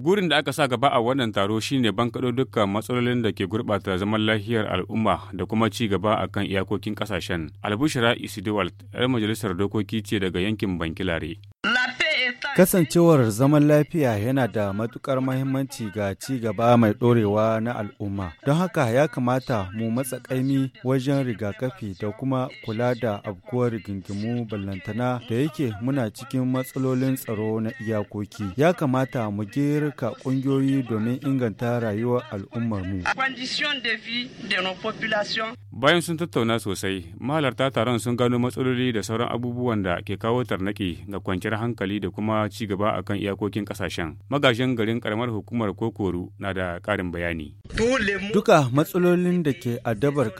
Gurin da aka sa gaba a wannan taro shine bankaɗo dukkan matsalolin da ke gurɓata zaman lafiyar al'umma da kuma ci gaba a kan iyakokin ƙasashen. Albushira Isidiwalt, 'yar majalisar dokoki ce daga yankin Bankilare. Kasancewar zaman lafiya yana da matukar mahimmanci ga ci gaba mai ɗorewa na al'umma. Don haka ya kamata mu matsa ƙaimi wajen rigakafi da kuma kula da abkuwar rigingimu ballantana da yake muna cikin matsalolin tsaro na iyakoki. Ya kamata mu girka ƙungiyoyi domin inganta rayuwar al'ummar mu. Bayan sun tattauna sosai, mahalarta taron sun gano matsaloli da sauran abubuwan da ke kawo tarnaki ga kwanciyar hankali da kuma kuma ci gaba a kan iyakokin kasashen. Magajin garin karamar hukumar Kokoru na da ƙarin bayani. Duka matsalolin da ke adabar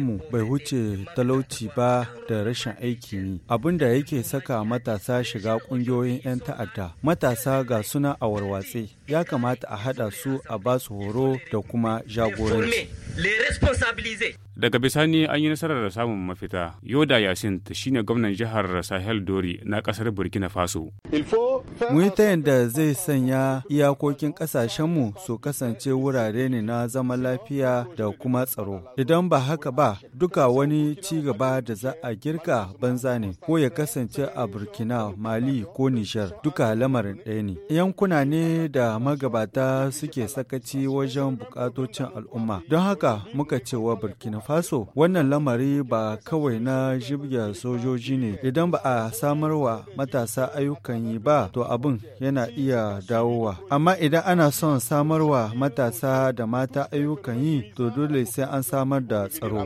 mu bai wuce talauci ba da rashin aiki ne Abin da yake saka matasa shiga ƙungiyoyin 'yan ta'adda. Matasa ga suna a warwatse. Ya kamata a haɗa su a basu horo da kuma jagoranci. daga bisani an yi nasarar samun mafita yoda yasin shine gwamnan jihar sahel dori na kasar burkina faso mu yi ta yadda zai sanya iyakokin kasashenmu su kasance wurare ne na zama lafiya da kuma tsaro idan ba haka ba duka wani ci gaba da za a girka banza ne ko ya kasance a burkina mali ko nijar duka lamarin ɗaya ne yankuna ne da magabata suke sakaci wajen bukatocin al'umma don haka muka cewa burkina Faso wannan lamari ba kawai na jibya sojoji ne idan ba a samar matasa ayyukan yi ba to abin yana iya dawowa. Amma idan ana son samarwa matasa da mata ayyukan yi to dole sai an samar da tsaro.